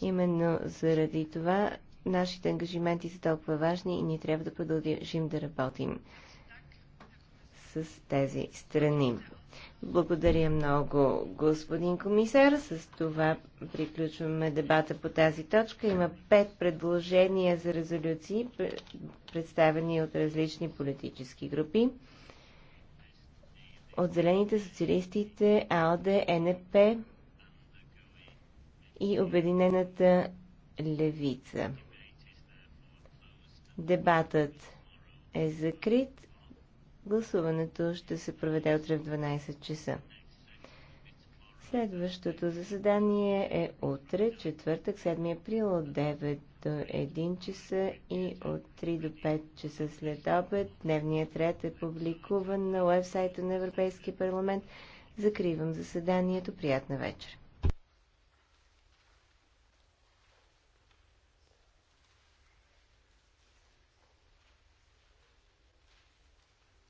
Именно заради това нашите ангажименти са толкова важни и ние трябва да продължим да работим с тези страни. Благодаря много, господин комисар. С това приключваме дебата по тази точка. Има пет предложения за резолюции, представени от различни политически групи. От зелените социалистите, АОД, НП, и Обединената левица. Дебатът е закрит. Гласуването ще се проведе утре в 12 часа. Следващото заседание е утре, четвъртък, 7 април от 9 до 1 часа и от 3 до 5 часа след обед. Дневният ред е публикуван на уебсайта на Европейския парламент. Закривам заседанието. Приятна вечер!